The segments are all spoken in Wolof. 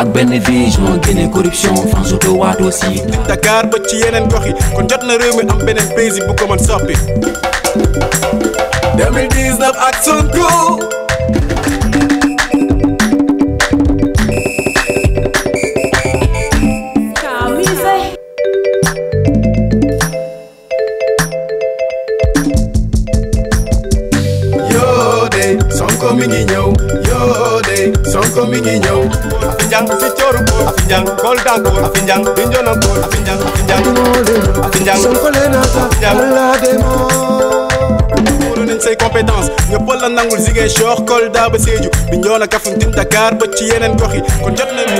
ak benn vision corruption France te waat aussi. Dakar ba ci yeneen gox kon jot na réew mi am beneen bu ko mën soppi. 2019 ak Sonko. mi ngi ñëw yee Sonko mi ngi a afi njang si cooru kool afi njang kool dankool afi njang dinjona kool afi njang afi njang afi njang Sonko le na sa la demoo say compétence ñëpp la nangul Ziguinchor Kolda ba Sédhiou Bignona Kaffrine Dakar ba ci yeneen gox kon jot nañu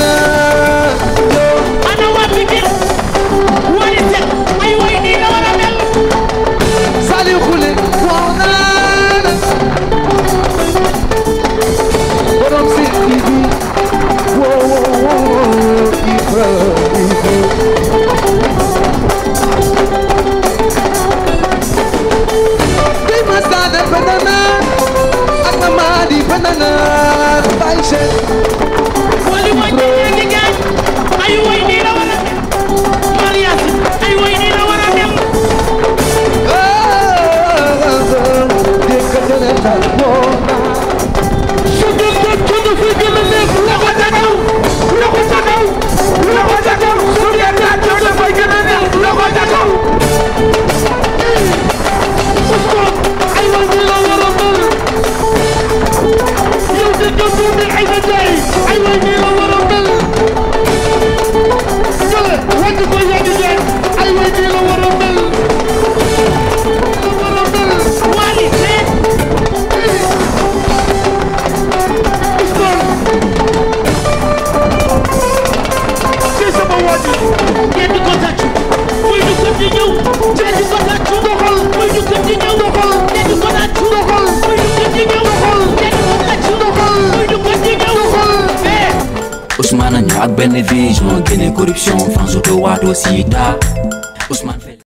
Aïcha Hey, ak benn vision génne corruption François Wato Sida Ousmane